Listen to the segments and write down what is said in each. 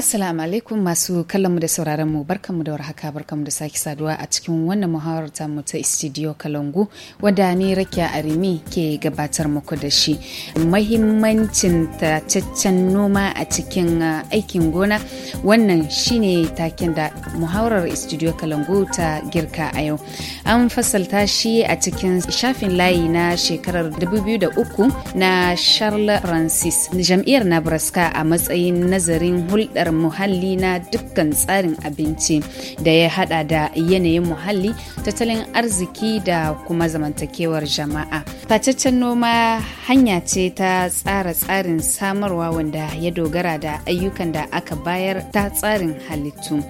Assalamu alaikum masu kallonmu da sauraronmu barkanmu da warhaka barkanmu da sake saduwa a cikin wannan muhawarar mu ta studio Kalangu wadda ni Rakiya Arimi ke gabatar muku da shi. Mahimmancin tacaccen noma a cikin uh, aikin gona wannan shine taken da muhawarar studio Kalangu ta girka a yau. An fasalta shi a cikin shafin layi na shekarar 2003 na Charles Francis jam'iyyar Nebraska a matsayin nazarin hulɗar tsarin muhalli na dukkan tsarin abinci da ya hada da yanayin muhalli tattalin arziki da kuma zamantakewar jama'a fataccen noma hanya ce ta tsara tsarin samarwa wanda ya dogara da ayyukan da aka bayar ta tsarin halittu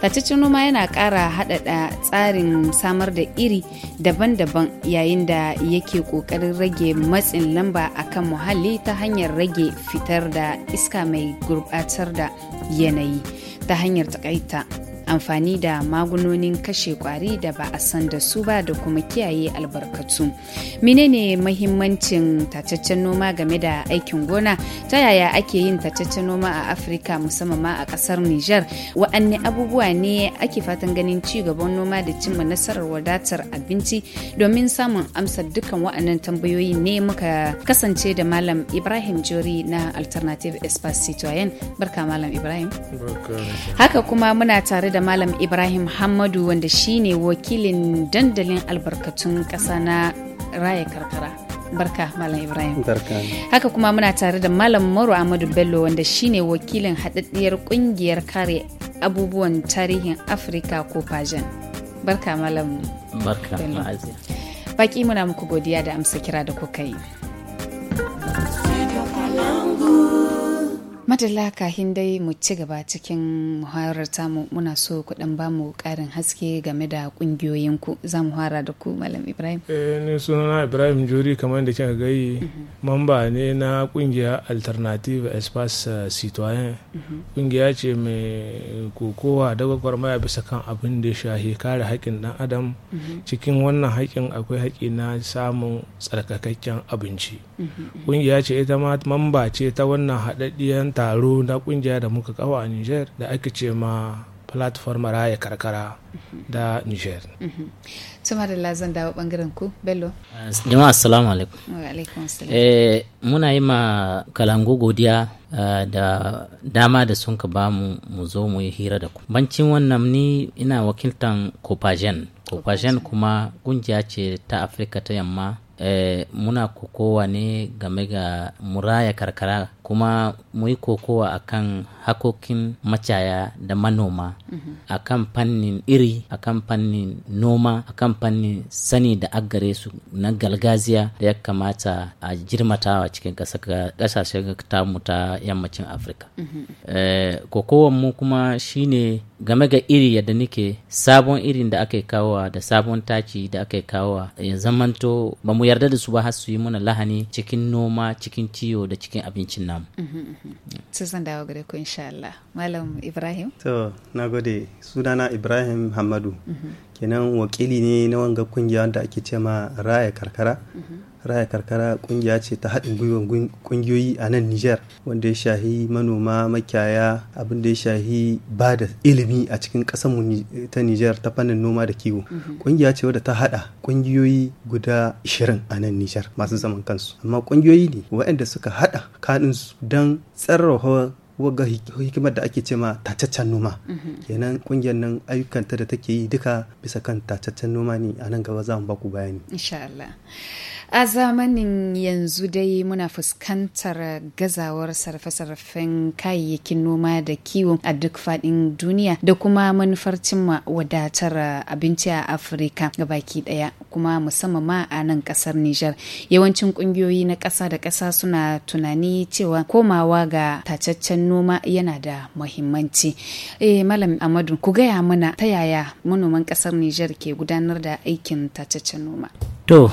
fataccen noma yana kara haɗaɗa tsarin samar da iri daban-daban yayin da yake ƙoƙarin rage matsin lamba akan muhalli ta hanyar rage fitar da iska mai gurbatar da yanayi ta hanyar takaita amfani da magunonin kashe kwari da ba a san da su ba da kuma kiyaye albarkatu menene mahimmancin tacaccen noma game da aikin gona ta yaya ake yin tacaccen noma a afirka musamman ma a kasar nijar wa'anne abubuwa ne ake fatan ganin ci gaban noma da cimma nasarar wadatar abinci domin samun amsar dukkan wa'annan tambayoyi ne muka kasance da malam ibrahim jori na alternative espace citoyen barka malam ibrahim haka kuma muna tare da Malam Ibrahim Hamadu wanda shine wakilin dandalin albarkatun ƙasa na raya karkara. Barka Malam Ibrahim. Barka. Haka kuma muna tare da Malam Moro Ahmadu Bello wanda shine wakilin haɗaɗɗiyar ƙungiyar kare abubuwan tarihin Afirka ko Fajan. Barka Malam. Barka muna muku godiya da amsa kira da kuka yi. madala kahin dai mu ci gaba cikin muhawarar tamu muna so kuɗin ba mu karin haske game da kungiyoyinku za mu hara da ku malam ibrahim eh ni sunana ibrahim juri kamar da kika gayi mhm. mamba ne na kungiya alternative espace eh, citoyen kungiya mhm. ce mai kokowa da gwagwarmaya bisa kan abin da ya shahi kare haƙƙin ɗan adam mhm. cikin wannan haƙƙin akwai haƙƙi na samun tsarkakakken abinci kungiya ce ita ma mamba ce ta wannan haɗaɗɗiyar taro na kungiya da muka kawo a niger da aka ce ma platform raya karkara da niger mm-hmm. tuma da lazan dawo bangaren ku bello jama'a assalamu alaikum eh, muna yi ma kalangu godiya eh, da dama da sun ka bamu mu zo mu yi hira da ku bancin wannan ni ina wakiltan copagen copagen kuma kungiya ce ta afirka ta yamma Eh, muna kokowa ne game ga muraya karkara kuma mu yi kokowa kan hakokin macaya da manoma mhm. a kan fannin iri a kan fannin noma a kan fannin sani da agare su na galgaziya da ya kamata a jirmatawa cikin kasashen tamu ta yammacin afirka mhm. eh, kokowanmu kuma shine game ga iri yadda nike sabon irin da aka kawowa da sabon taci da aka kawowa ya zamanto ba mu yarda da su ba har su yi muna lahani cikin noma cikin ciyo da cikin abincin namu. Sun mhm, san mhm, mhm. dawo gare ku insha Allah. Malam Ibrahim. To, na gode. Sunana Ibrahim Hamadu. Kenan wakili ne na wanga kungiya da ake ce ma Raya Karkara. raya karkara kungiya ce ta haɗin gwiwar kungiyoyi a nan Nijar wanda ya shahi manoma makiyaya abinda ya shahi ba da ilimi a cikin ƙasar mu ta Nijar ta fannin noma da kiwo mm-hmm. kungiya ce wadda ta haɗa kungiyoyi guda 20 a nan Nijar masu zaman kansu amma kungiyoyi ne waɗanda suka haɗa kaɗinsu don tsarrafa wagga hikimar da ake cema tacaccen noma mm-hmm. kenan kungiyar nan ayyukanta da take yi duka bisa kan tacaccen noma ne a nan gaba za mu baku bayani insha Allah a zamanin yanzu dai muna fuskantar gazawar sarfe-sarfen kayayyakin noma da kiwo a duk faɗin duniya da kuma manufar cimma wadatar abinci a afirka baki ɗaya kuma musamman ma a nan kasar nijar yawancin ƙungiyoyi na ƙasa da ƙasa suna tunani cewa komawa ga tacaccen noma yana da muhimmanci eh malam amadu ku gaya mana ta yaya manoman ƙasar Nijar ke gudanar da aikin tataccen noma to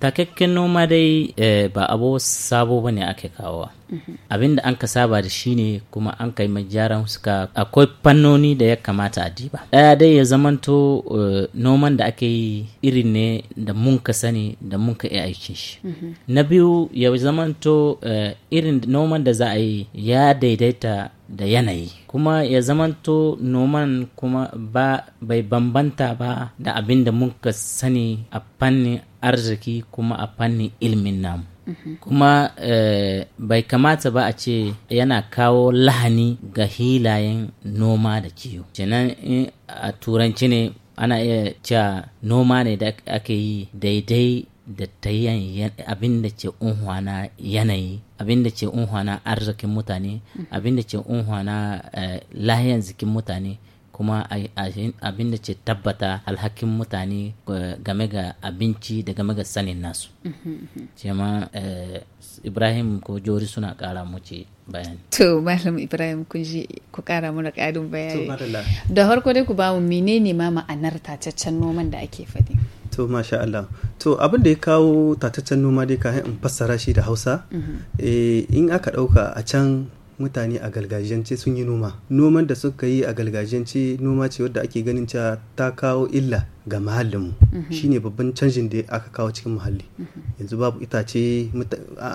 takakken noma dai eh, ba abu sabo bane ake kawo mhm. abin da an ka saba da shi ne kuma an kai gyaran suka akwai fannoni da ya kamata a diba ɗaya dai ya zamanto eh, noman da ake yi irin ne da mun ka sani da mun ka aiki. shi mhm. na biyu ya zamanto eh, irin noman da za a yi ya daidaita da yanayi kuma ya zamanto noman kuma bai bambanta ba da abin da mun ka sani a fannin arziki kuma a fannin ilmin namu kuma eh, bai kamata ba a ce yana kawo lahani ga hilayen noma da kiwo kenan a turanci ne ana iya cewa noma ne da ake yi daidai da ta abin da unhwana yanayi abin da unhwana arzikin mutane abin da unhwana eh, lahiyan zikin mutane kuma abin da ce tabbata alhakin mutane eh, game ga abinci da game ga sanin nasu cema mm-hmm. eh, ibrahim ko jori suna kara muce bayani to malam ibrahim kun ji ku kara mana karin bayani da harko dai ku ba mu menene ma ma'anar tataccen noman da ake faɗi to masha Allah to abin da ya kawo tataccen noma dai ka in fassara shi da hausa mm-hmm. eh, in aka ɗauka a can mutane a gargajiyance sun yi noma noman da suka yi a gargajiyance noma ce wadda ake ganin cewa ta kawo illa ga muhallinmu mhm. shine babban canjin da aka kawo cikin muhalli mhm. yanzu babu itace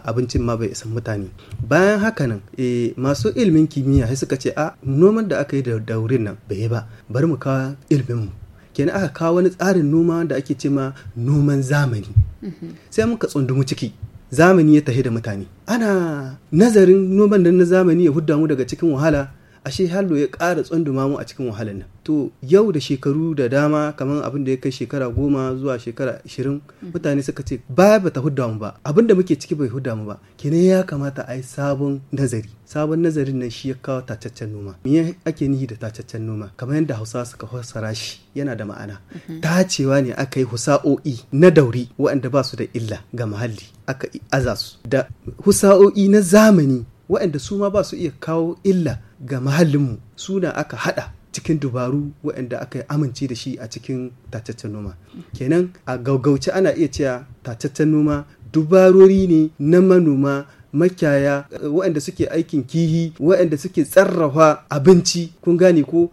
abincin ma bai isa mutane bayan haka nan eh, masu ilmin kimiyya sai suka ce a noman da aka yi da daurin nan bai yi ba bari mu kawo mu kenan aka kawo wani tsarin noma da ake ce ma noman zamani mhm. sai muka tsundumu ciki zamani ya tahi da mutane ana nazarin noman da na zamani ya hudda mu daga cikin wahala ashe hallo ya kara tsunduma mu a cikin wahalar nan to yau da shekaru da dama kamar abin da ya kai shekara goma zuwa shekara ashirin mm. mutane suka ce baya bata hudda mu ba abin da muke ciki bai hudda mu ba kenan ya kamata a yi sabon nazari sabon nazarin nan shi ya kawo tacaccen noma me ake nihi da tacaccen noma kamar yadda hausa suka fassara shi yana da ma'ana mm-hmm. tacewa ne aka yi husa'o'i na dauri waɗanda ba su da illa ga muhalli aka aza su da husa'o'i na zamani waɗanda su ma ba su iya kawo illa ga mahallinmu suna aka hada cikin dubaru waɗanda aka amince da shi a cikin tataccen noma kenan a gaugauce ana iya cewa tataccen noma dubarori ne na manoma makiyaya waɗanda suke aikin kihi waɗanda suke tsarrafa abinci kun gane ko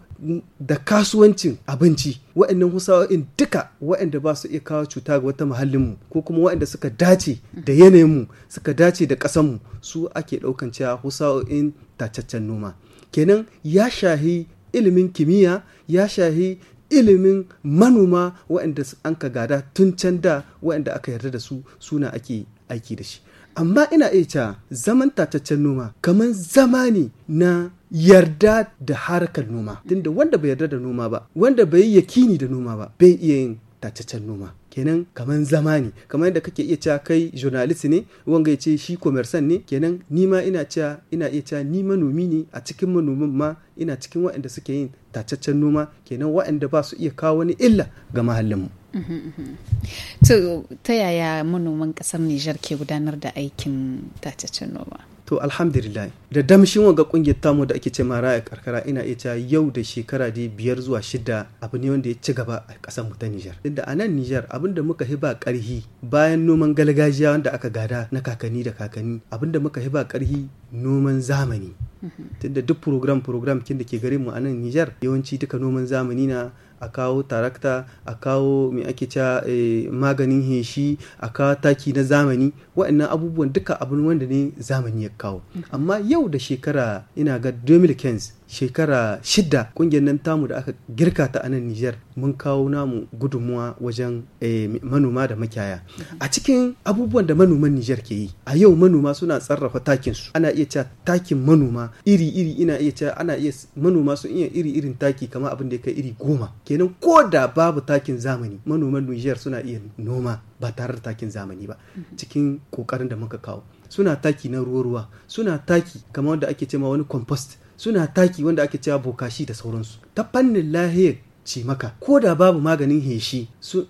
da kasuwancin abinci waɗannan husawa'in duka waɗanda ba su iya kawo cuta ga wata mahallinmu ko kuma waɗanda suka dace da yanayinmu suka dace da ƙasanmu su ake ɗaukan cewa husawa'in tacaccen noma kenan ya shahi ilimin kimiyya ya shahi ilimin manoma waɗanda an ka gada tun can da waɗanda aka yarda da su suna ake aiki da shi amma ina iya cewa zaman tataccen noma kamar zamani na yarda da harkar noma tunda wanda bai yarda da noma ba wanda bai yi yakini da noma ba bai iya yin tataccen noma kenan kamar zama ne kamar yadda kake iya cewa kai journalist ne wanga ya ce shi komersan ne kenan ni ma ina cewa ina iya cewa ni manomi ne a cikin manomin ma ina cikin waɗanda suke yin tacaccen noma kenan waɗanda ba su iya kawo wani illa ga mahallinmu to ta yaya manoman kasar Nijar ke gudanar da aikin tacaccen noma to alhamdulillah da damshin wanga kungiyar tamu da ake ce maraya karkara ina iya cewa yau da shekara dai biyar zuwa shida abu ne wanda ya ci gaba a kasar mu ta Nijar inda a nan Nijar abin da muka hiba karhi bayan noman gargajiya wanda aka gada na kakanni da kakanni abin da muka hiba karhi noman zamani mm-hmm. tunda duk program program kin da ke garin mu a nan Nijar yawanci duka noman zamani na a kawo tarakta a kawo mai ake ca eh, maganin heshi a kawo taki na zamani waɗannan abubuwan duka abin wanda ne zamani ya kawo mm. amma yau da shekara ina ga 2015 shekara shida kungiyar nan tamu da aka girka ta anan Nijar mun kawo namu gudunmuwa wajen eh, manoma da makiyaya a cikin abubuwan da manoman Nijar ke yi a yau manoma suna sarrafa takin su ana iya cewa takin manoma iri iri ina iya cewa ana iya manoma sun iya iri irin taki kamar abin da ya kai iri goma kenan ko da babu takin zamani manoman Nijar suna iya noma ba tare da takin zamani ba mm-hmm. cikin kokarin da muka kawo suna taki na ruwa ruwa suna taki kamar wanda ake cewa wani compost suna taki wanda ake cewa bokashi da sauransu ta fannin lahiyar ce maka ko da babu maganin heshi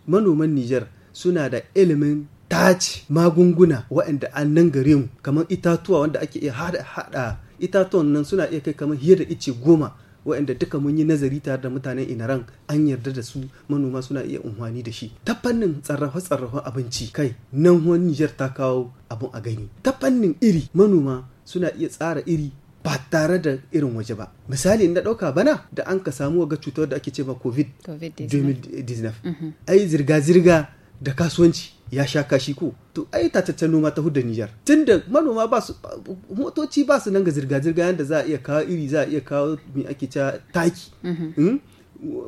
manoman Nijar suna da ilimin tace magunguna waɗanda an nan gare mu kamar itatuwa wanda ake iya haɗa itatuwan nan suna iya kai kamar hiyar da ice goma waɗanda duka mun yi nazari tare da mutanen inaran an yarda da su manoma suna iya unhwani da shi ta fannin tsarrafa abinci kai nan wani Nijar ta kawo abun a gani ta fannin iri manoma suna iya tsara iri ba tare da irin waje ba misali na ɗauka bana da an ka samu ga cutar da ake ce ma covid 19 mhm. ai zirga-zirga da kasuwanci ya sha kashi ko to ai tataccen noma ta hudda Nijar tunda manoma ba su motoci ba su nan ga zirga-zirga yadda za a iya kawo iri za a iya kawo me ake ta taki mhm. hmm?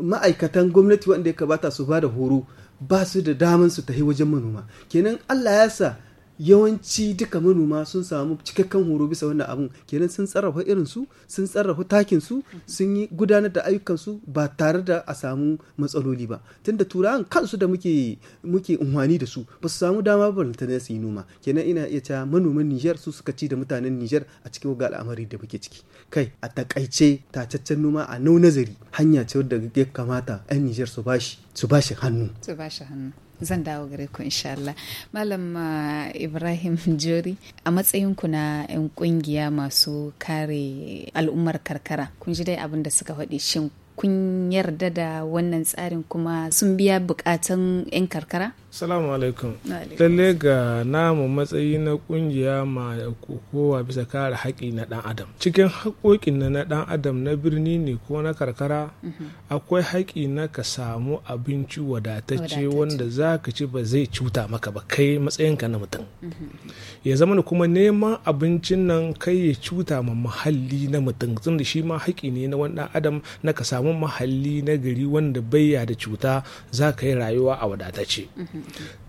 ma'aikatan gwamnati wanda ya kabata su ba da horo ba su da daman su tafi wajen manoma kenan Allah ya sa yawanci duka manoma sun samu cikakken horo bisa wannan abun kenan sun tsarrafa irin su sun tsarrafa takin su sun yi gudanar da ayyukan su ba tare da a samu matsaloli ba tunda turawan kansu da muke muke unwani da su ba su samu dama ba ta da su noma kenan ina iya cewa manoman Niger su suka ci da mutanen Niger a cikin ga al'amari da muke ciki kai a takaice tacaccen noma a nau nazari hanya ce wadda ya kamata 'yan Niger su bashi su bashi hannu su bashi hannu zan dawo gare ku insha Allah malam eh, Ibrahim Jori a matsayin ku na yan kungiya masu kare al'ummar karkara kun ji dai abin da suka faɗi shin kun yarda da wannan tsarin kuma sun biya bukatun 'yan karkara? salamu alaikum lalle ga namu matsayi na kungiya ma kowa bisa kare haƙi na ɗan adam cikin haƙoƙin na na ɗan adam na birni ne ko na karkara mhm. akwai haƙi na ka samu abinci wadatacce wanda za ka ci ba zai cuta maka ba kai matsayinka na mutum mhm. ya zama da kuma neman abincin nan kai ya cuta ma muhalli na mutum tunda shi ma haƙi ne na wani ɗan adam na ka samu kuma mahalli na gari wanda bayya da cuta za ka yi rayuwa a wadatace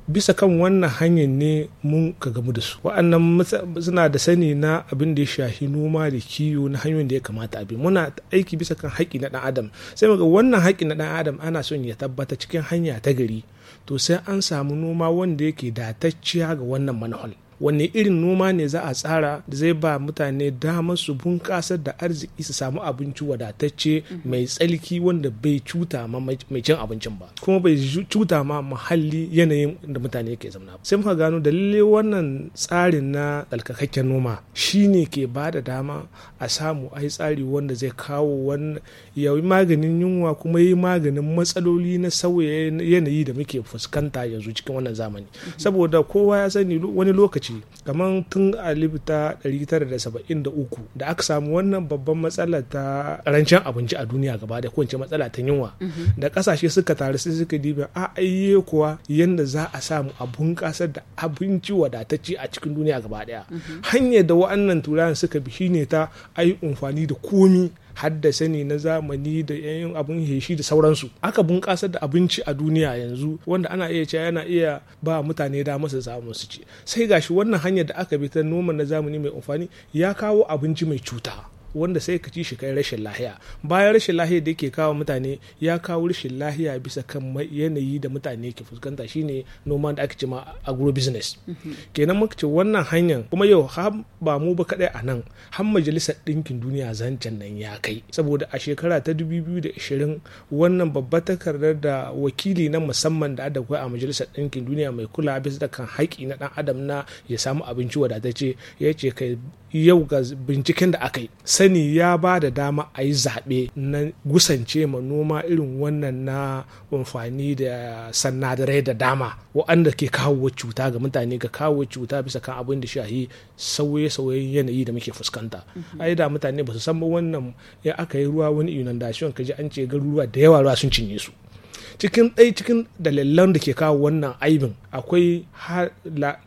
bisa kan wannan hanyar ne mun ka gamu da su wa'annan suna da sani na abin da ya shafi noma da kiwo na hanyoyin da ya kamata abi muna aiki bisa kan haƙƙi na ɗan adam sai muga wannan haƙƙi na ɗan adam ana son ya tabbata cikin hanya ta gari to sai an samu noma wanda yake datacciya ga wannan manhol wanne irin noma ne za a tsara da zai ba mutane damar su bunƙasar da arziki su samu abinci wadatacce mhm. mai tsalki wanda bai cuta ma mai cin abincin ba kuma bai cuta ma muhalli yanayin da mutane ke zauna sai muka gano da lalle wannan tsarin na alkakakken noma shine ke ba da dama a samu ai tsari wanda zai kawo wani yi maganin yunwa kuma yi maganin matsaloli na sauya yanayi da muke fuskanta yanzu cikin wannan zamani mhm. saboda kowa ya sani wani lokaci shi kamar tun alif ta 1973 da aka samu wannan babban matsala ta rancen abinci a duniya gaba da kowace matsala ta yunwa mhm. da kasashe suka taru sai suka dibe a kuwa yadda za a samu a bunƙasar da abinci wadatacce a cikin duniya gaba daya mhm. hanyar da wa'annan turayen suka bi shine ta ayi amfani da komi haddasa ne na zamani da yayin abun heshi da sauransu aka bunƙasar da abinci a duniya yanzu wanda ana iya cewa yana iya ba mutane da masa samu su ci sai gashi wannan hanyar da aka bi ta noma na zamani mai amfani ya kawo abinci mai cuta wanda sai ka ci shi kai rashin lahiya bayan rashin lahiya da yake kawo mutane ya kawo rashin lahiya bisa kan yanayi da mutane ke fuskanta shine noma da ake cima agro business mm-hmm. kenan muka ce wannan hanyar kuma yau ba mu ba kadai a nan har majalisar ɗinkin duniya zancen nan ya kai saboda a shekara ta 2020 wannan babbar takardar da wakili na musamman da adakwai a majalisar ɗinkin duniya mai kula bisa da kan haƙi na ɗan adam na ya samu abinci wadatacce ya ce kai yau ga binciken da aka yi sani ya ba da dama a yi zaɓe na gusance ma noma irin wannan na amfani da sannadarai da dama waɗanda ke kawo cuta ga mutane ga kawo cuta bisa kan abin da shahi sauye-sauyen yanayi da muke fuskanta mhm. ai da mutane ba su san wannan ya aka yi ruwa wani inundation ka ji an ce garuruwa da yawa ruwa sun cinye su cikin ɗai cikin dalilan da ke kawo wannan aibin akwai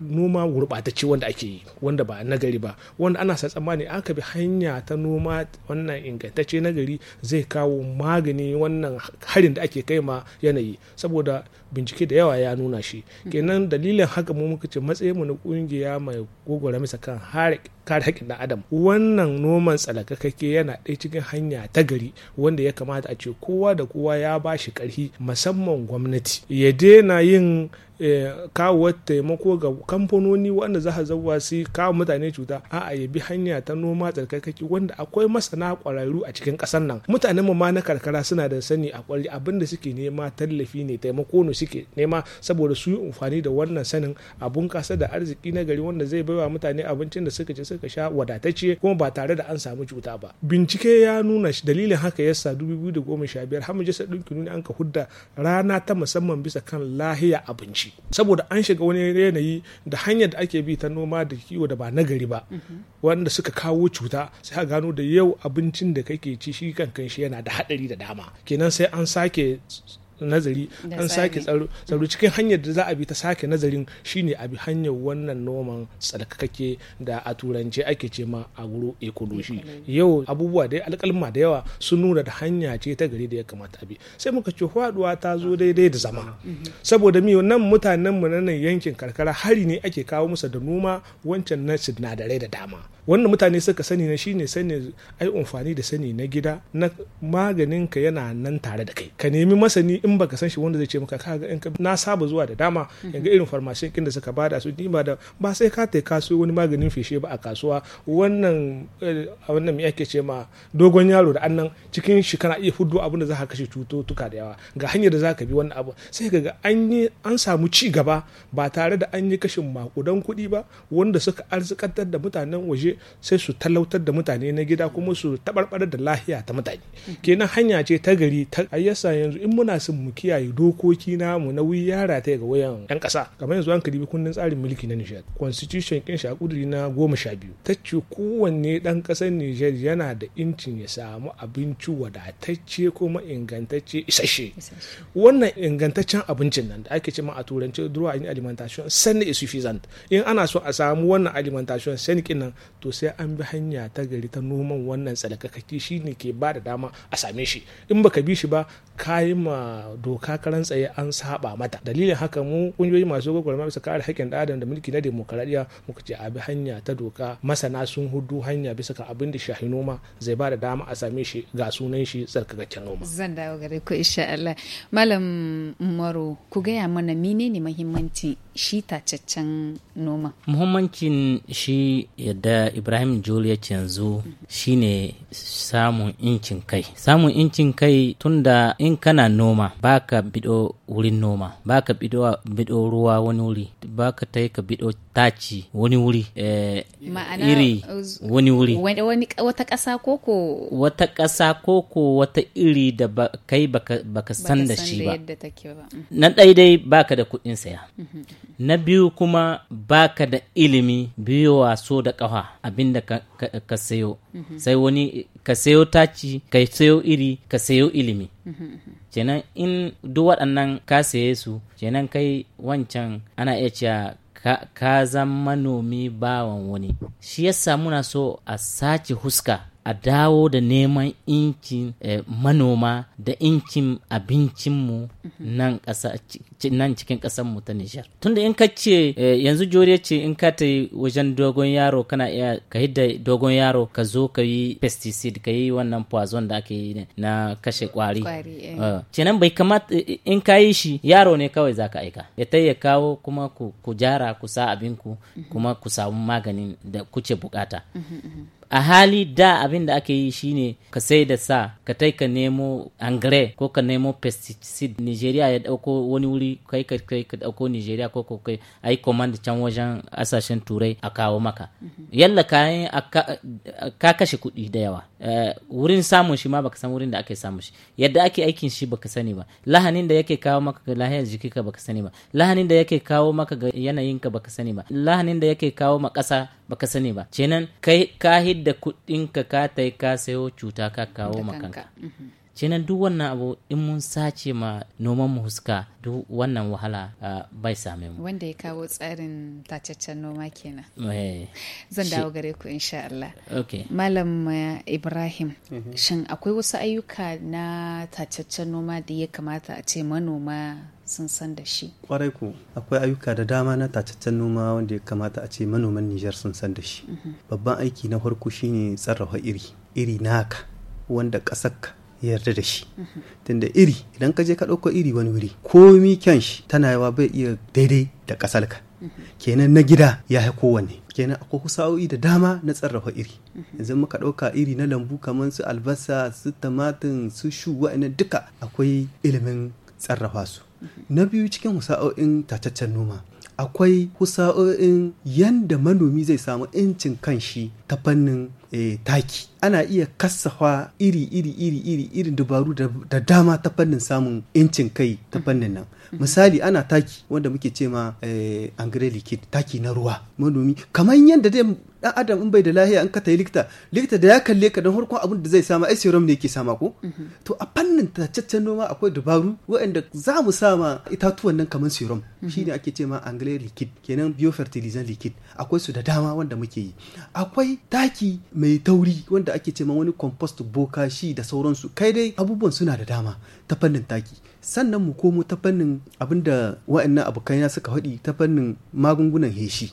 noma gurɓatacce wanda ake yi wanda ba nagari ba wanda ana sa tsammani aka bi hanya ta noma wannan ingantacce nagari zai kawo magani wannan harin da ake kai ma yanayi saboda bincike da yawa ya nuna shi mm. kenan dalilin haka mu muka ce mu na kungiya mai gogora misa kan harik kare haƙƙin ɗan adam wannan noman tsalakakake yana ɗaya cikin hanya ta gari wanda ya kamata a ce kowa da kowa ya ba shi ƙarfi musamman gwamnati ya daina yin Eh, kawo taimako ga kamfanoni wanda za a zauwa su kawo mutane cuta a a yabi hanya ta noma tsarkakaki wanda akwai masana kwararru a cikin kasar nan mutanen mu ma na karkara suna da sani a kwari abin da suke nema tallafi ne taimako ne suke nema saboda su yi amfani da wannan sanin a bunƙasa da arziki na gari wanda zai baiwa mutane abincin da suka ci suka sha wadatacce kuma ba tare da an samu cuta ba bincike ya nuna dalilin haka yasa 2015 har majalisar ɗinkin duniya an ka hudda rana ta musamman bisa kan lahiya abinci shi saboda an shiga wani yanayi da hanyar da ake bi ta noma da kiwo da ba nagari ba wanda suka kawo cuta sai a gano da yau abincin da kake ci shi kankan shi yana da haɗari da dama kenan sai an sake nazari an sake tsaro cikin hanyar da za a bi ta sake nazarin shine a bi hanyar wannan noman tsarkakake da a turance ake ce ma agro ecology yau abubuwa dai alkalma da yawa sun nuna da hanya ce ta gari da ya kamata bi sai muka ce faduwa ta zo daidai da zama mhm. saboda mi nan mutanen mu nan yankin karkara hari ne ake kawo musa da noma wancan na sinadarai da dama wanda mutane suka sani na shine sani ai amfani da sani na gida na maganin ka yana nan tare da kai ka nemi masani in baka san shi wanda zai ce maka ka in na saba zuwa da dama ga irin farmasiyan kin da suka bada su ni ba da ba sai ka tai kasu wani maganin feshe ba a kasuwa wannan wannan eh, me yake ce ma dogon yaro da annan cikin shi kana iya fuddo abin da za ka kashe cututtuka da yawa ga hanyar da za ka bi wannan abu sai ka ga an yi an samu ci gaba ba tare da an yi kashin makudan kuɗi ba wanda suka arzikantar da mutanen waje sai su talautar da mutane na gida kuma su tabarbarar da lahiya ta mutane kenan hanya ce ta gari ta ayyasa yanzu in muna son mu kiyaye dokoki namu na wuyi yara ta ga wayan yan kasa kamar yanzu an karibi kundin tsarin mulki na Niger constitution kin shi a kuduri na goma sha biyu ta ce kowanne dan kasar Nijar yana da incin ya samu abinci wadatacce kuma ingantacce isasshe wannan ingantaccen abincin nan da ake cewa a turanci droit alimentation sani is sufficient in ana so a samu wannan alimentation sani kin nan to sai an bi hanya ta gari ta noman wannan tsalakakaki shine ke ba da dama a same shi in baka bi shi ba kayi ma doka karan tsaye an saba mata dalilin haka mu kungiyoyi masu gwagwarma bisa kare haƙƙin ɗan adam da mulki na demokaradiyya muka ce abi hanya ta doka masana sun hudu hanya bisa ka abin da shahi noma zai ba da dama a same shi ga sunan shi tsarkakakken noma zan dawo gare ku insha Allah malam Umaru ku gaya mana menene muhimmancin shi tacaccen noma muhimmancin shi yadda Ibrahim ya yanzu mm-hmm. shine samun incin kai samun incin kai tunda in kana noma baka bido wurin noma baka bido bido ruwa wani wuri baka yi ka bido taci eh, wani wuri iri wani wuri wata ƙasa koko wata ƙasa koko wata iri da kai baka san da shi ba mhm. na daidai baka da kuɗin saya mhm, mhm, na biyu kuma baka da ilimi biyo so da ƙafa abinda ka sayo sai wani ka sayo taci ka sayo iri ka sayo ilimi kenan in duk waɗannan ka saye su kenan kai wancan ana iya cewa ka zan manomi bawan wani shi yasa muna so a sace huska a dawo da neman incin eh, manoma da incin abincinmu nan cikin mu ta Nijar. Tunda in ka ce eh, yanzu juriya ce in ka ta wajen dogon yaro kana iya ka hidda dogon yaro ka zo ka yi pesticide ka yi wannan poison da ake yi na kashe kwari. Eh. Ah, kenan bai kamata in ka yi shi yaro ne kawai za ka aika. Ya ta kawo kuma ku jara ku sa abinku mhm. kuma ku samu maganin da kuce bukata. Mhm, mhm. a hali da abin da ake yi shine ka sai da sa ka tai ka nemo angre ko ka nemo pesticide nigeria ya dauko wani wuri kai ka kai ka dauko nigeria ko ko kai ai command can wajen asashen turai a kawo maka mhm. yalla kayan ka kashe kuɗi da yawa Eh, wurin samun shi ma baka san wurin da ake samun shi yadda ake aikin shi baka sani ba lahanin da yake kawo maka ga lahiyar jikinka baka sani ba lahanin da yake kawo maka ga yanayinka baka sani ba lahanin da yake kawo ma kasa baka sani ba kenan kai ka hidda kuɗinka ka tai ka sayo cuta ka kawo ma kenan duk wannan abu in mun sace ma noman mu huska duk wannan wahala bai same mu wanda ya kawo tsarin tacaccen noma kenan eh. zan dawo gare ku insha Allah malam eh, Ibrahim mm-hmm. shin akwai wasu ayyuka na tacaccen noma da ya kamata a ce manoma sun san da shi. Kwarai ku akwai ayyuka da dama na tacaccen noma wanda ya kamata a ce manoman Nijar sun san da shi. Mm-hmm. Babban aiki na farko shine tsarrafa iri, iri naka wanda ƙasarka yarda da shi tunda iri idan ka je ka ɗauko iri wani wuri komi kyan shi tana yawa bai iya daidai da ƙasarka kenan na gida ya yi kowanne kenan akwai kusa'o'i da dama na tsarrafa iri yanzu muka ɗauka iri na lambu kamar su albasa su tumatin su shu wa'annan duka akwai ilimin tsarrafa su na biyu cikin kusa'o'in tataccen noma akwai kusa'o'in yanda manomi zai samu incin kanshi ta fannin e, taki ana iya kassafa iri iri iri iri irin dabaru da dama ta fannin samun incin kai ta fannin nan mm-hmm. misali ana taki wanda muke ce ma e, taki na ruwa manomi kamar yadda zai. dan adam in bai da lahiya an ka tayi likita likita da ya kalle ka dan farkon abin da zai sama ai serum ne yake sama ko to a fannin tacaccen noma akwai dabaru waɗanda za mu sama itatuwan nan kamar serum shine ake ce ma likit liquid kenan biofertilizer liquid akwai su da dama wanda muke yi akwai taki mai tauri wanda ake ce ma wani compost boka shi da sauransu kai dai abubuwan suna da dama ta fannin taki sannan mu komo ta fannin abinda wa'annan abokaina suka faɗi ta fannin magungunan heshi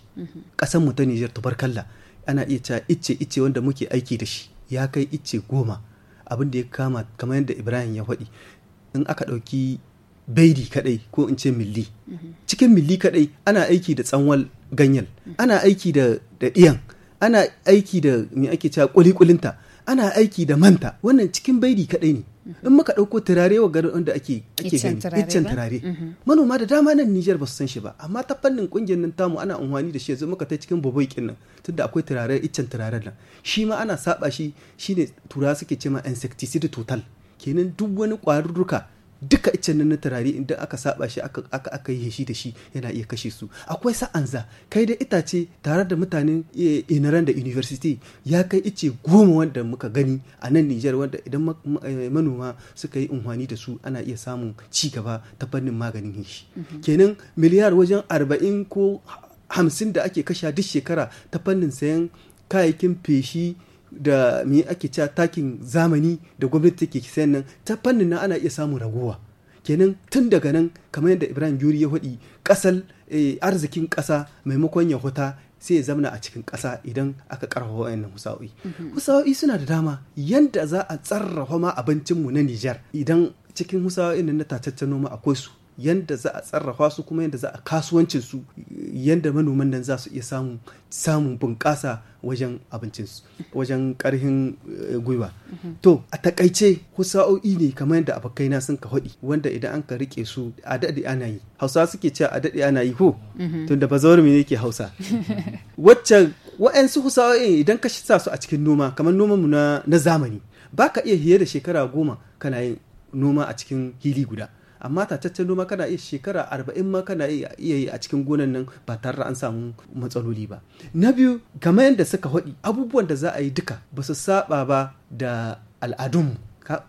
ƙasar mu ta Nijar tubarkalla ana iya cewa icce icce wanda muke aiki da shi ya kai icce goma abin da ya kama kamar yadda ibrahim ya faɗi in aka ɗauki baidi kadai ko in ce milli mhm. cikin milli kadai ana aiki da tsanwal ganyen mhm. ana aiki da ɗiyan ana aiki da me ake cewa kulikulinta ana aiki da manta wannan cikin baidi kadai ne in muka ɗauko turare wa garin wanda ake ake iccen turare mhm. manoma da dama nan Nijar ba su san shi ba amma ta fannin kungiyar nan tamu ana amfani da shi yanzu muka ta cikin babai nan tunda akwai turare iccen turaren nan shi ma ana saba shi shine tura suke cewa insecticide total kenan duk wani ƙwarurruka duka icen nan na turare idan aka saba shi aka aka aka yi shi da shi yana iya kashe su akwai sa'anza kai da itace tare da mutanen eh, inaran da university ya kai ice goma wanda muka gani a nan Nijar wanda idan eh, manoma suka yi unhwani da su ana iya samun ci gaba ta fannin maganin heshi mhm. kenan miliyar wajen arba'in ko hamsin da ake kasha duk shekara ta fannin sayan kayayyakin feshi da me ake cewa takin zamani da gwamnati take sayan nan ta fannin nan ana iya samun raguwa kenan tun daga nan kamar yadda ibrahim juri ya faɗi kasal eh, arzikin ƙasa maimakon ya huta sai ya zamana a cikin ƙasa idan aka ƙarfafa wayannan husawoyi mhm. husa'o'i suna da dama yanda za a tsarrafa ma abincinmu na nijar idan cikin nan na tataccen noma akwai su yanda za a tsarrafa su kuma yanda za a kasuwancin su yanda manoman nan za su iya samun samun bunƙasa wajen abincin su wajen ƙarfin eh, gwiwa to a takaice husa'o'i ne kamar yadda abokaina sun ka hodi wanda idan an ka rike su a daɗe ana yi hausa suke cewa a daɗe ana yi ko mhm. tunda bazawar ne yake hausa waccan wa'ansu husa'o'i idan ka sa su a cikin noma kamar noman mu na zamani baka iya hiye da shekara goma kana yin noma a cikin hili guda amma tataccen noma kana iya shekara arba'in ma kana iya yi a cikin gonan nan ba tare da an samu matsaloli ba na biyu kamar yadda suka haɗi abubuwan da za a yi duka ba su saba ba da al'adun.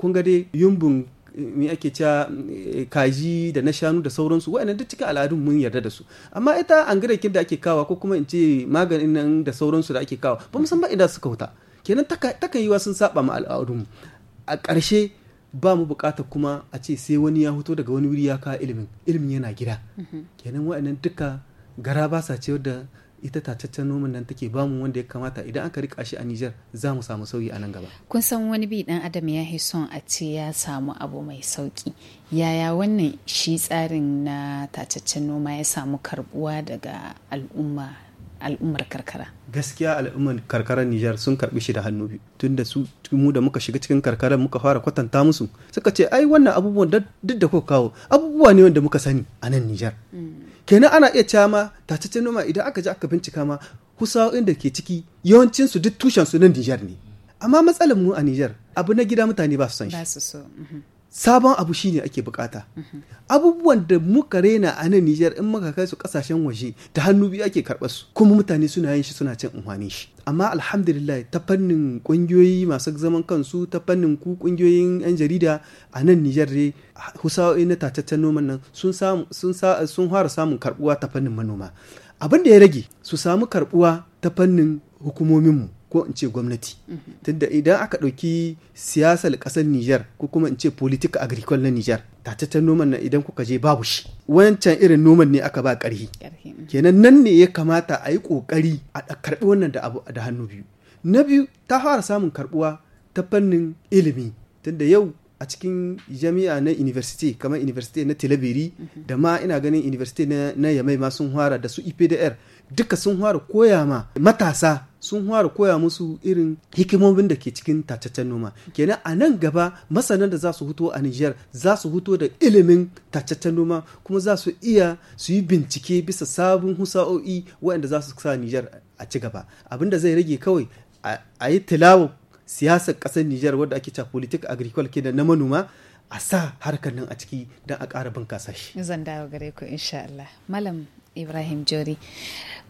kun ga dai yumbun me ake cewa eh, kaji da na shanu da sauransu wa'annan duk cikin al'adun mun yarda da su amma ita an angirakin da ake kawa ko kuma in ce maganin nan da sauransu da ake kawa ba mu san idan suka wuta kenan takan yiwa sun saba ma al'adun a ƙarshe ba mu bukatar kuma a ce sai wani ya hoto daga wani wuri ya kawo ilimin ilimin yana gida mm-hmm. kenan wa'annan duka gara ba sa ce wadda ita tataccen noman nan take mu wanda ya kamata idan aka rika shi a Nijar za mu samu sauyi a nan gaba. Kun san wani bi dan Adam ya yi son a ce ya samu abu mai sauki. Yaya wannan shi tsarin na tataccen noma ya samu karbuwa daga al'umma al'ummar karkara gaskiya al'ummar karkarar Nijar sun karbi shi da hannu biyu da su mu da muka shiga cikin karkarar muka fara kwatanta musu suka ce ai wannan abubuwan duk da kuka kawo abubuwa ne wanda muka sani a nan Nijar mm. kenan ana iya cewa ma tataccen noma idan aka je aka bincika ma kusa da ke ciki yawancin su duk tushen su nan Nijar ne amma matsalar mu a Nijar abu na gida mutane ba su san shi mhm. sabon abu shine ake bukata abubuwan da muka rena a nan Nijar in muka kai su kasashen waje da hannu biyu ake karɓar su kuma mutane suna yin shi suna cin amfani shi amma alhamdulillah ta fannin kungiyoyi masu zaman kansu ta fannin ku kungiyoyin yan jarida a nan Nijar dai husawoyi na tataccen noman nan sun sun fara samun karbuwa ta fannin manoma abin da ya rage su samu karbuwa ta fannin hukumomin mu. ko in ce gwamnati tunda idan aka ɗauki siyasar kasar Nijar ko kuma in ce politika agricole na Nijar ta noman na idan kuka je babu shi wancan irin noman ne aka ba ƙarhi mm. kenan nan ne ya kamata a yi ƙoƙari a karɓi wannan da abu da hannu biyu na biyu ta fara samun karɓuwa ta fannin ilimi tunda yau a cikin jami'a na university kamar university na telebiri mm-hmm. da ma ina ganin university na, na yamai ma sun fara da su ipdr duka sun fara koya ma matasa sun fara koya musu irin hikimomin da ke cikin tacaccen noma kenan a nan gaba masanan da za su huto a Nijar za su huto da ilimin tacaccen noma kuma za su iya su yi bincike bisa sabon husa'o'i waɗanda za su sa Nijar a ci gaba abinda zai rage kawai a yi tilawo siyasar ƙasar Nijar wadda ake cewa politik agricole kenan na manoma a sa harkar nan a ciki don a ƙara bunƙasa shi. Zan dawo gare ku insha Allah. Malam Ibrahim Jori,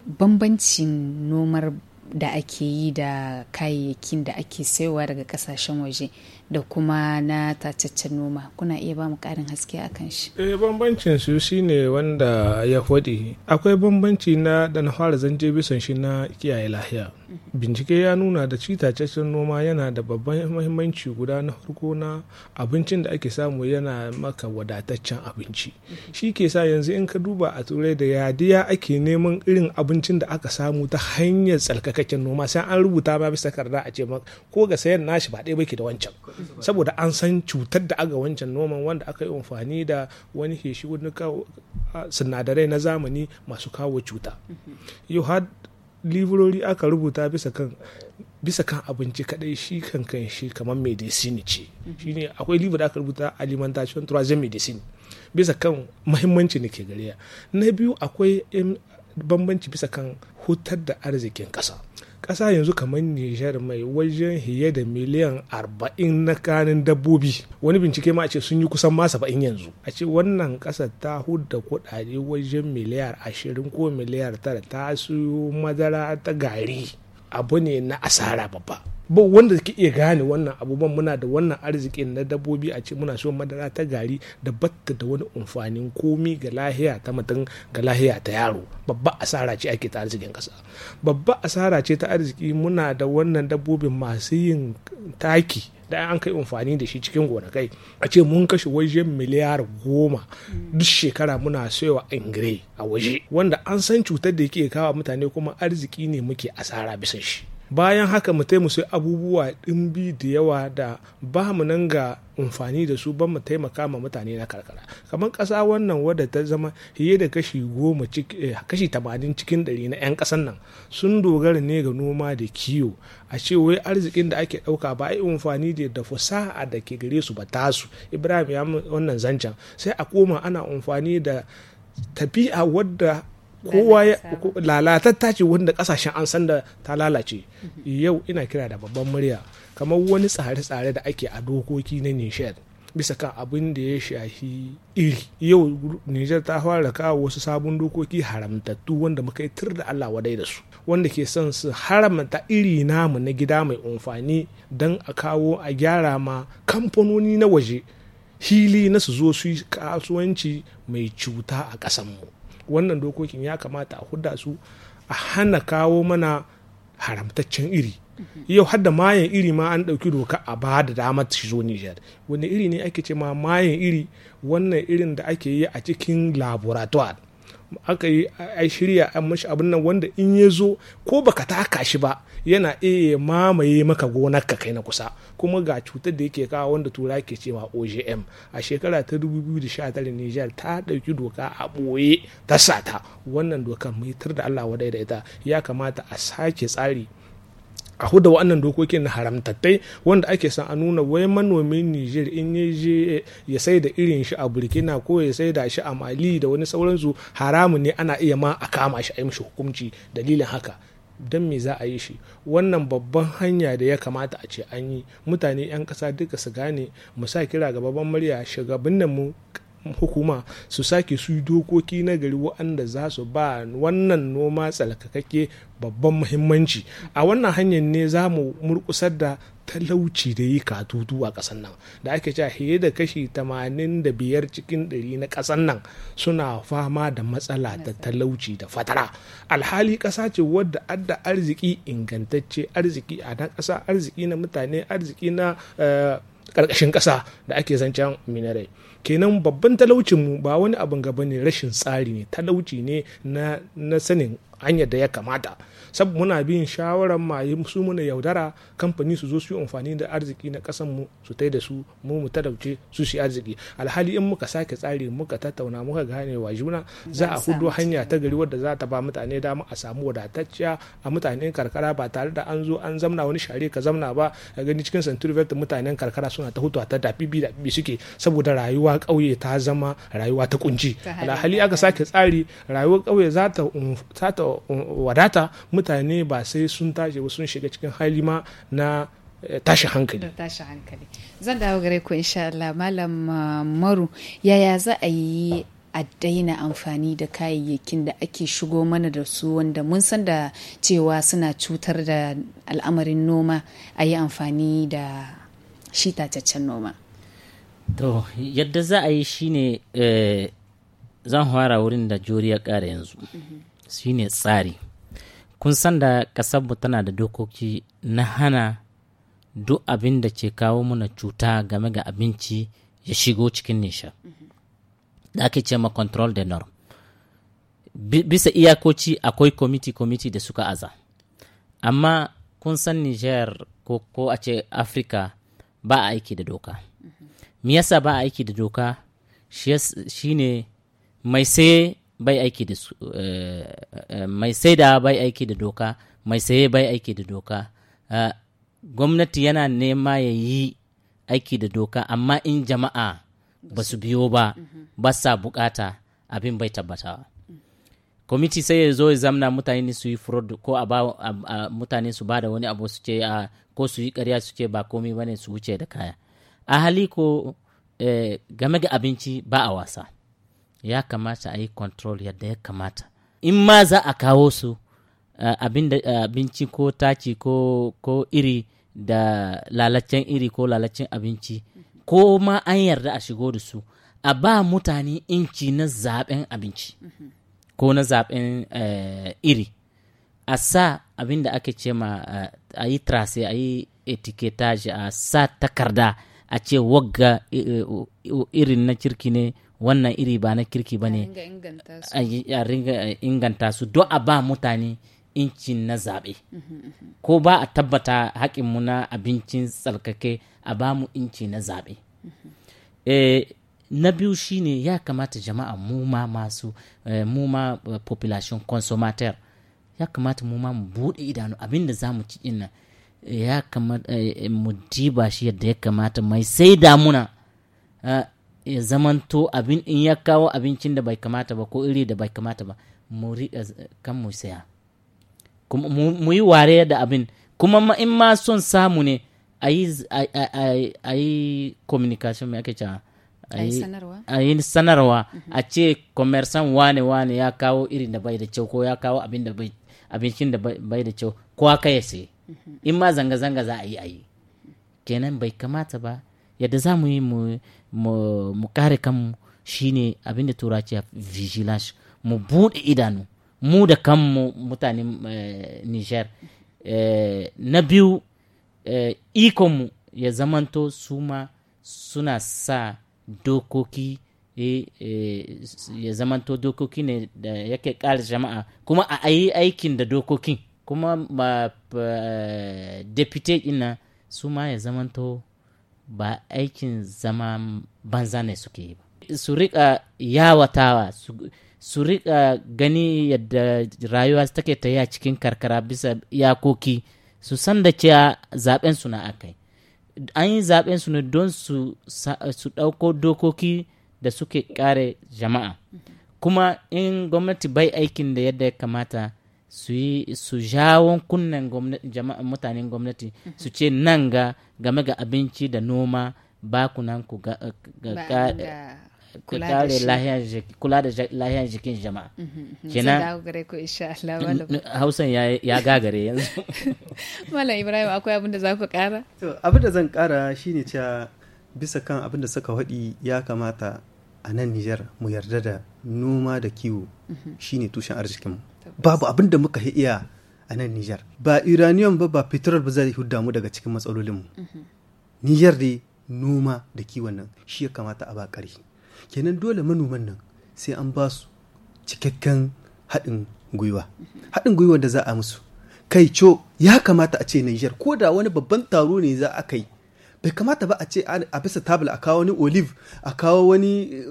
bambancin nomar da ake yi da kayayyakin da ake saiwa daga kasashen waje da kuma na tacaccen noma kuna iya ba mu karin haske a kan shi eh bambancin su shine wanda ya faɗi akwai bambanci na da na fara zanje bisan shi na kiyaye lahiya mhm. bincike ya nuna da ci tacaccen noma yana da babban mahimmanci guda na farko na abincin da ake samu yana maka wadataccen abinci mhm. shi ke sa yanzu in ka duba a turai da yadiya ake neman irin abincin da aka samu ta hanyar tsarkakakken noma sai an rubuta ma bisa karda a ce ko ga sayan nashi ba ɗaya ke da wancan saboda an san cutar da aga wancan noman wanda aka yi amfani da wani heshi wani sinadarai na zamani masu kawo cuta yau har liburori aka rubuta bisa kan bisa kan abinci kadai shi kan kan shi kamar medicine ce ne akwai liver da aka rubuta alimentation troisième medicine bisa kan mahimmanci ne ke gare na biyu akwai bambanci bisa kan hutar da arzikin kasa ƙasa yanzu kamar nijar mai wajen hiye da miliyan arba'in na kanin dabbobi wani bincike ma a ce sun yi kusan ma saba'in yanzu a ce wannan ƙasa ta hudda kuɗaɗe wajen miliyar ashirin ko miliyar tara ta siyo madara ta gari abu ne na asara babba ba wanda ke iya gane wannan abubuwan muna da wannan arzikin na dabbobi a ce muna so madara ta gari da batta da wani amfanin komi ga lahiya ta mutum ga lahiya ta yaro babba asara ce ake ta arzikin kasa babba asara ce ta arziki muna da wannan dabbobi masu yin taki da an kai amfani da shi cikin gonakai a ce mun kashe waje miliyar goma duk shekara muna sayowa ingire a waje wanda an san cutar da yake kawo mutane kuma arziki ne muke asara bisa shi bayan haka mu mu sai abubuwa ɗimbi da yawa da ba mu nan ga amfani da su ban mu taimaka ma mutane na karkara kamar ƙasa wannan wadda ta zama fiye da kashi goma eh, kashi tamanin cikin ɗari na 'yan ƙasan nan sun dogara ne ga noma da kiwo a ce wai arzikin da ake ɗauka ba a yi amfani da da fasaha da ke gare su ba tasu ibrahim ya wannan zancen sai a koma ana amfani da tafiya wadda kowa ya lalatatta ce wanda kasashen an san da ta lalace mm-hmm. yau ina kira da babban murya kamar wani tsare-tsare da ake a dokoki na nishad bisa kan abin da ya shafi iri yau nijar ta fara kawo wasu sabon dokoki haramtattu wanda muka yi tur da allah wadai da su wanda ke son su haramta iri namu na gida mai amfani don a kawo a gyara ma kamfanoni na waje hili na su zo su yi kasuwanci mai cuta a ƙasanmu wannan dokokin ya kamata a hudda su a hana kawo mana haramtaccen iri yau hadda mayan iri ma an ɗauki doka a ba da damar shi zo Nijar wani iri ne ake ce ma mayan iri wannan irin da ake yi a cikin laboratoire aka yi a shirya an mashi abin nan wanda in ya zo ko baka taka shi ba yana iya mamaye maka gonar ka kai na kusa kuma ga cutar da yake kawo wanda tura ke cewa OGM a shekara ta 2019 Niger ta ɗauki doka a ɓoye ta sata wannan dokar mai tar da Allah wadai da ita ya kamata a sake tsari a huda wa'annan dokokin na haramtattai wanda ake san a nuna wai manomin Niger in ya je ya sai da irin shi a Burkina ko ya sai da shi a Mali da wani sauransu haramun ne ana iya ma a kama shi a yi mishi hukunci dalilin haka don me za a yi shi wannan babban hanya da ya kamata a ce an yi mutane 'yan kasa duka su gane mu sa kira ga babban murya shugabannin mu hukuma su sake su dokoki na gari waɗanda za su ba wannan noma tsalkakakke babban muhimmanci a wannan hanyar ne za mu murkusar da talauci da yi katutu a ƙasan nan da ake cewa fiye da kashi 85 cikin 100 na ƙasan nan suna fama da matsala ta talauci da fatara alhali ƙasa ce wadda adda arziki ingantacce arziki a nan ƙasa arziki na mutane arziki na eh, ƙarƙashin ƙasa da ake zancen minarai kenan babban mu ba wani abin gaba ne rashin tsari ne talauci ne na sanin hanyar da ya kamata sab muna bin shawarar maye su muna yaudara kamfani su zo su yi amfani da arziki na kasan mu su tai da su mu mu talauce su shi arziki alhali in muka sake tsari muka tattauna muka gane wa juna za a hudu hanya ta gari wadda za ta ba mutane dama a samu wadatacciya a mutanen karkara ba tare da an zo an zamna wani share ka zamna ba a gani cikin centurivet mutanen karkara suna ta hutuwa ta da bi suke saboda rayuwa ƙauye ta zama rayuwa ta kunci alhali aka sake tsari rayuwar ƙauye za ta um, wadata mutane ba sai sun tashi ba sun shiga cikin hali ma na eh, tashi hankali zan dawo gare ku insha Allah malam eh, maru yaya za a yi a daina amfani da kayayyakin da ake shigo mana da su wanda mun san da cewa suna cutar da al'amarin noma a yi amfani da shi tataccen noma to yadda za a yi shi ne eh, zan fara wurin da juriya kara yanzu mhm. shi ne tsari kun san da ƙasarmu tana da dokoki na hana duk abin da ke kawo muna cuta game ga abinci ya shigo cikin nisha da ake ce ma control the norm bisa iyakoci akwai komiti-komiti da suka aza amma kun san niger ko, ko a ce afirka ba a aiki da doka me yasa ba a aiki da doka shi ne mai sai bai aiki da su eh, eh, mai saida bai aiki da doka mai saye bai aiki da doka eh, gwamnati yana nema ya yi aiki da doka amma in jama'a ba su biyo ba ba sa bukata abin bai tabbatawa kwamiti sai ya zo ya zamna mutane su yi fraud ko a ba mutane su ba da wani abu su ce ko su yi karya su ce ba komi ba su wuce da kaya a hali ko game ga abinci ba a wasa ya kamata a yi control yadda ya kamata in ma za a kawo su abinci ko taci ko, iri da lalacen iri ko lalacen abinci ko ma an yarda a shigo da su a ba mutane inci na zaben abinci ko na zaben e, iri a sa abin da ake ce ma a yi trace a yi etiketage a sa takarda a ce wagga e, e, irin na kirki ne wannan iri ba na kirki ba ne a ringa inganta su don a ba mutane inci na zaɓe ko ba a tabbata haƙinmu na abincin tsarkake a ba mu inci na zaɓe eh, na biyu shine ya kamata jama'a mu masu eh, mu eh, population consumateur ya kamata mu mu buɗe idanu abinda za mu ci ina ya kamata mu diba shi yadda ya kamata mai sai damuna ah, ya zamanto abin in ya kawo abincin da bai kamata ba ko iri da bai kamata ba mu riƙa kan mu saya mu yi ware da abin kuma in ma son samu ne a yi communication mai ake cewa a yi sanarwa mm-hmm. a ce commerçant wane wane ya kawo irin da bai da kyau ko ya kawo abincin da bai da kyau ko aka ya sai mm-hmm. in ma zanga-zanga za a yi a yi kenan bai kamata ba yadda za mu yi mu kare kanmu shine abinda turaci vigilance mu buɗe idanu mu da kanmu mutanen eh, niger eh, na biyu eh, ikonmu ya zamanto su ma suna sa dokoki ya zamanto dokoki ne da yake ƙara jama'a kuma a yi aikin da dokokin kuma ma depute ina su ma ya zamanto ba aikin zama banza ne suke yi ba su rika yawatawa su rika gani yadda rayuwa take ta a cikin karkara bisa yakoki su san da cewa zaben su na akai an yi zaben su ne don su ɗauko dokoki da suke kare jama'a mm-hmm. kuma in gwamnati bai aikin da yadda ya kamata su yi su jawon kunnen mutanen gwamnati su ce nan ga game ga abinci da noma ba ku nan ku ga eh, kula da lahiyar jikin jama'a mhm, mhm. kenan hausan ya gagare yanzu malam ibrahim akwai abin da za ku kara abin da zan kara shine cewa bisa kan abin da suka haɗi ya kamata a nan nijar mu yarda da noma da kiwo mhm. shine tushen arzikinmu babu abin da muka iya a nan Nijar. Ba iraniyan ba ba fitarar ba zai hudda mu daga cikin matsalolinmu. Mhm. Nijar dai noma da kiwon nan shi ya kamata a ba ƙarfi. Kenan dole manoman nan sai an ba su cikakken haɗin gwiwa. Mhm. Haɗin gwiwa da za a musu. Kai co ya kamata a ce Nijar ko da wani babban taro ne za a kai bai kamata ba a ce a bisa tabla a kawo wani olive a kawo wani eh,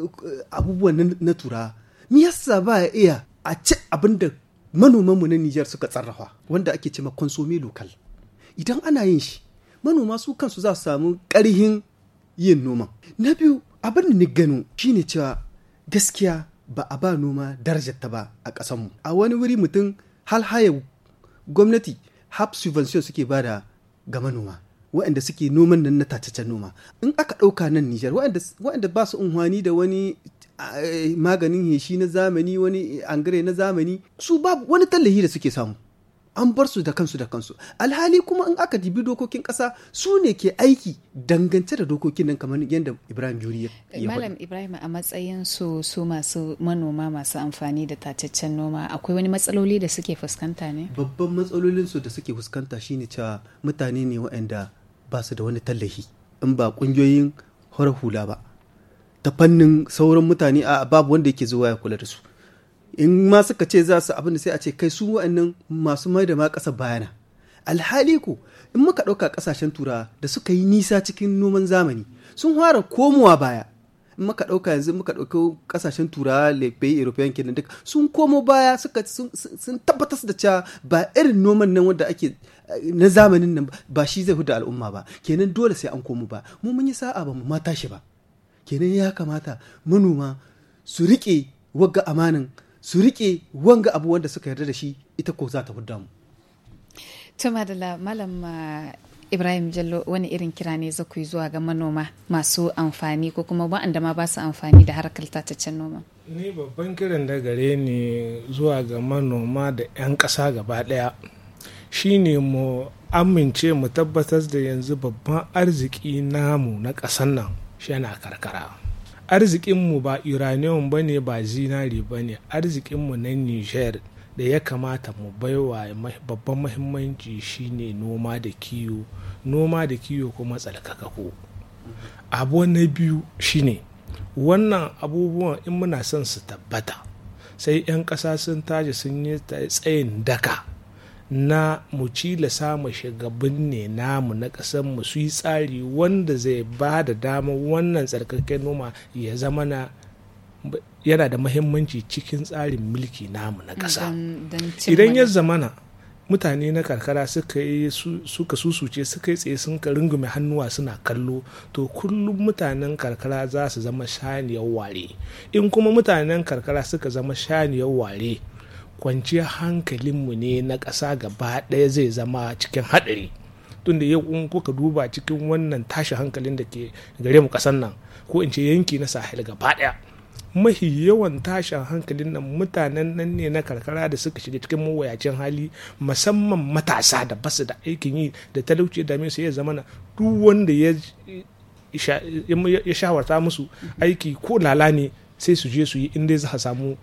abubuwan na turawa me yasa ba ya iya a ce abin da manoman mu na Nijar suka tsarrafa wanda ake cema consomme local idan ana yin shi manoma su kansu za su samu ƙarhin yin noman na biyu abin da ni gano shine cewa gaskiya ba a ba noma darajar ta ba a ƙasanmu a wani wuri mutum hal haya gwamnati hap subvention suke da ga manoma waɗanda suke noman nan na tataccen noma in aka ɗauka nan Nijar waɗanda ba su unhwani da wani maganin heshi na zamani wani angare na zamani su babu wani tallahi da suke samu an bar su da kansu da kansu alhali kuma in aka dibi dokokin kasa su ne ke aiki dangance da dokokin nan kamar yadda ibrahim juri ya eh, malam ibrahim a matsayin su su masu manoma masu amfani da tacaccen noma akwai wani matsaloli da suke fuskanta ne babban matsalolin su da suke fuskanta shine cewa mutane ne waɗanda ba su da wani tallafi in ba ƙungiyoyin hula ba ta fannin sauran mutane a babu wanda yake zuwa ya kula da su in ma suka ce za su abin da sai a ce kai su wa'annan masu mai da ma ƙasa bayana alhali ko in muka ɗauka ƙasashen turawa da suka yi nisa cikin noman zamani sun fara komowa baya in muka ɗauka yanzu muka ɗauka ƙasashen turawa lefe european kenan duka sun komo baya suka sun tabbatar da cewa ba irin noman nan wanda ake na zamanin nan ba shi zai hudu al'umma ba kenan dole sai an komo ba mu mun yi sa'a ba mu ma tashi ba kenan ya kamata manoma su riƙe wagga amanin su riƙe wanga abu wanda suka yarda da shi ita ko za ta hudda mu tuma da malam uh, ibrahim jallo wani irin kira ne za ku yi zuwa ga manoma masu amfani ko kuma wa'anda ma ba su amfani da harkar tataccen noma ni babban kiran da gare ne zuwa ga manoma da 'yan ƙasa gaba ɗaya ne mu amince mu tabbatar da yanzu babban arziki namu na ƙasan nan shi yana karkara arzikinmu ba uranium ba ne ba zinari ba ne arzikinmu na niger da ya kamata mu baiwa babban mahimmanci shine noma da kiwo noma da kiwo kuma tsalkakako abu na biyu shine wannan abubuwan in muna son su tabbata sai 'yan ƙasa sun taji sun yi tsayin daka na mu cilasa mu shugabin ne namu na ƙasar mu su yi tsari wanda zai ba da damar wannan tsarkaken noma ya zama na yana da mahimmanci cikin tsarin mulki namu na ƙasa idan ya zamana mutane na karkara suka suka susuce suka yi tsaye sun rungume hannuwa suna kallo to kullum mutanen karkara za su zama shaniyar ware in kuma mutanen karkara suka zama shaniyar ware kwanciyar hankalinmu ne na ƙasa gaba ɗaya zai zama cikin haɗari tunda yau in kuka duba cikin wannan tashi hankalin da ke gare mu ƙasan nan ko in ce yanki na sahel gaba ɗaya mahi yawan tashin hankalin nan mutanen nan ne na karkara da suka shiga cikin mawayacin hali musamman matasa da basu da aikin yi da talauci da su ya zama na duk wanda ya shawarta musu aiki ko lala ne sai su je su yi in dai za samu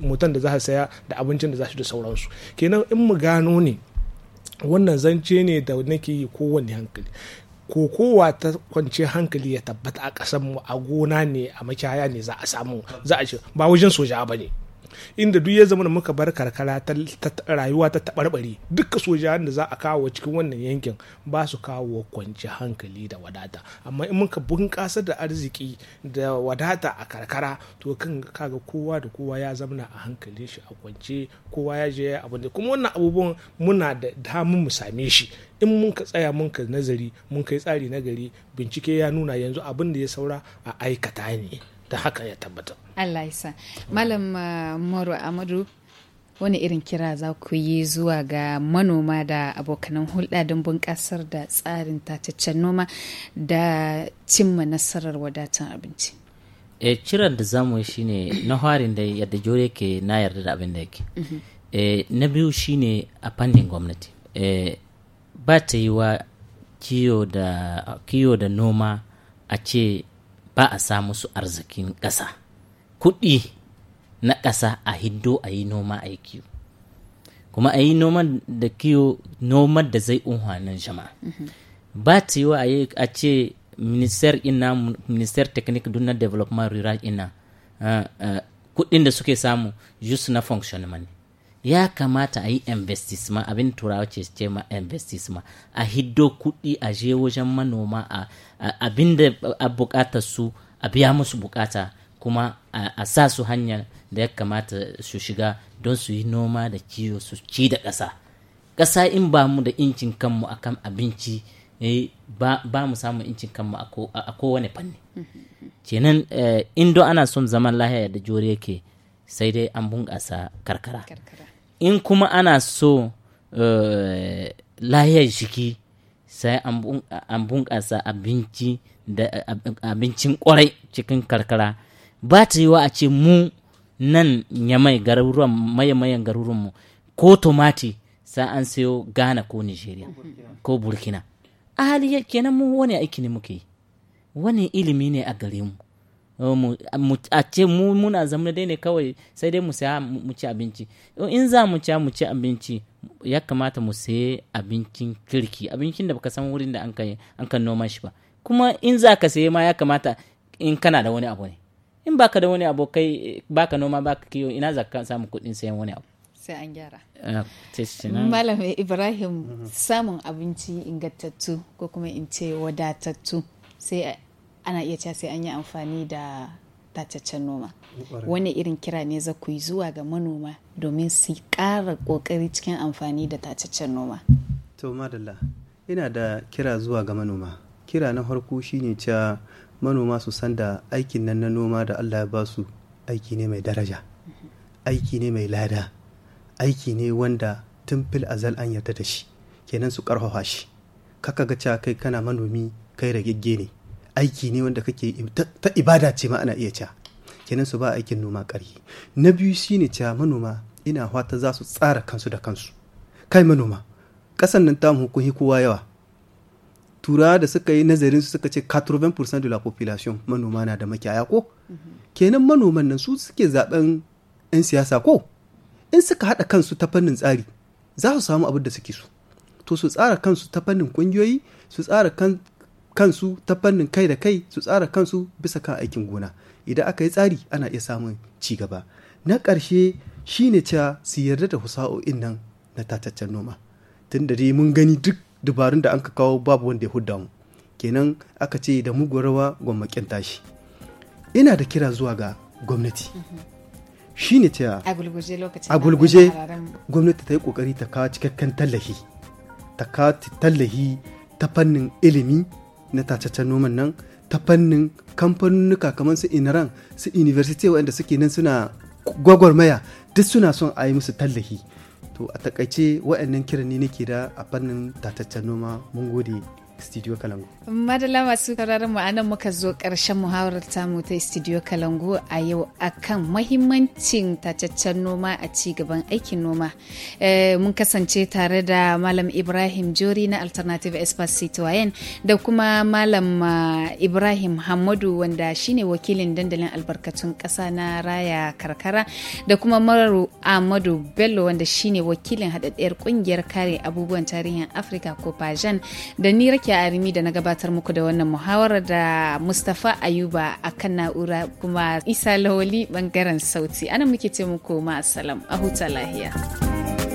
mutum da za a saya da abincin da za su da sauransu kenan in mu gano ne wannan zance ne da nake yi kowane hankali ko kowa ta kwance hankali ya tabbata a kasanmu a gona ne a makiyaya ne za a samu za a ce ba wajen soja ba ne inda duk ya zama da muka bar karkara ta rayuwa ta taɓarɓare duka sojan da za a kawo cikin wannan yankin ba su kawo kwanci hankali da wadata amma in muka bunƙasar da arziki da wadata a karkara to kan kaga kowa da kowa ya zamana a hankalin shi a kwance kowa ya je abin da kuma wannan abubuwan muna da damun mu same shi in mun ka tsaya mun ka nazari mun kai tsari na gari bincike ya nuna yanzu abin da ya saura a aikata ne da haka ya tabbatar. Allah ya Malam uh, Moro Amadu wani irin kira za ku yi zuwa ga manoma da abokanan hulɗa don bunƙasar da tsarin tataccen noma da cimma nasarar wadatan abinci e kiran da zamu yi shine na harin da yadda jore ke na yarda da abin da yake e na biyu shine a fannin gwamnati e ba ta yi wa kiyo da kiyo da noma a ce ba a samu su arzikin ƙasa kuɗi na ƙasa a hiddo a yi noma a kiwo kuma a yi noman da kiwo noman da zai unhwanin jama'a mhm. ba ta wa a ce minister ina minister technique dunar development rural ina kuɗin da suke samu just na function mani ya kamata a yi investisma abin turawa ce ce ma investisma a hiddo kuɗi a je wajen manoma a abin da a bukatar su a biya musu bukata kuma a sa su hanyar da ya kamata su shiga don su yi noma da kiwo su ci da ƙasa ƙasa in ba mu da incin kanmu a kan abinci eh, ba mu samun incin kanmu a kowane fanni kenan eh, in do ana son zaman lahiya da jore yake sai dai an bunƙasa karkara in kuma ana so eh, lahiyar jiki sai an bunƙasa abinci da abincin ƙwarai cikin karkara ba ta yiwa a ce mu nan ya mai garuruwan mayan garuruwanmu ko tomati sa an sayo ghana ko nigeria ko burkina a hali kenan mu wani aiki ne muke yi wani ilimi ne a gare mu oh, a ce mu muna zama dai ne kawai sai dai mu saya mu ci abinci oh, in za mu ci mu ci abinci ya kamata mu saye abincin kirki abincin da baka san wurin da an kan noma shi ba kuma in za ka saye ma ya kamata in kana da wani abu ne in baka da wani abokai baka noma baka kiyo ina za ka samu kuɗin sayan wani abu sai an gyara ah, malam ibrahim samun abinci ingantattu ko kuma in ce wadatattu sai ana iya cewa sai an yi amfani da tataccen noma wani irin kira ne za ku yi zuwa ga manoma domin su kara kokari cikin amfani da tataccen noma to madalla ina da kira zuwa ga manoma kira na farko shine cewa manoma su san da aikin nan na noma da allah ya ba su aiki ne mai daraja aiki ne mai lada aiki ne wanda tun fil azal an yarda da shi kenan su karfafa shi kaka ga cewa kai kana manomi kai ragegge ne aiki ne wanda kake ta ibada ce ma ana iya cewa kenan su ba aikin noma ƙarfi na biyu shine cewa manoma ina fata za su tsara kansu da kansu kai manoma kasan nan tamu kun kowa yawa tura da suka yi nazarin su suka ce 80% de la population manoma na da makiyaya ko kenan manoman nan su suke zaben 'yan siyasa ko in suka haɗa kansu ta fannin tsari za su samu abin da suke so to su tsara kansu ta fannin ƙungiyoyi su tsara kansu ta fannin kai da kai su tsara kansu bisa kan aikin gona idan aka yi tsari ana iya samun ci gaba na ƙarshe shine cewa su yarda da husa'o'in nan na tataccen noma tun da dai mun gani duk dubarun da an ka kawo babu wanda ya hudda mu kenan aka ce da muguwar rawa gwamnatin tashi ina da kira zuwa ga gwamnati mhm. shi ne ta a gulguje gwamnati ta yi kokari ta kawo cikakken tallahi ta kawo tallahi ta fannin ilimi na tacaccen noman nan ta fannin kamfanonuka kamar su inaran su university waɗanda suke nan suna gwagwarmaya duk suna son a yi musu tallahi to a takaice wa'annan kirani nake da a fannin tataccen noma mun gode studio kalangu madalla masu kararin mu anan muka zo karshen muhawarar tamu ta studio kalangu a yau a akan mahimmancin tacaccen noma a ci gaban aikin noma eh, mun kasance tare da malam ibrahim jori na alternative espace citoyen da kuma malam eh, ibrahim hamadu wanda shine wakilin dandalin albarkatun kasa na raya karkara da kuma maru ahmadu bello wanda shine wakilin haɗaɗɗiyar ƙungiyar kare abubuwan tarihin afirka ko pajan da ni rake Rakiya Arimi da na gabatar muku da wannan muhawarar da Mustafa Ayuba a akan na'ura kuma Isa Lawali bangaren sauti. Ana muke ce muku ma a huta lahiya.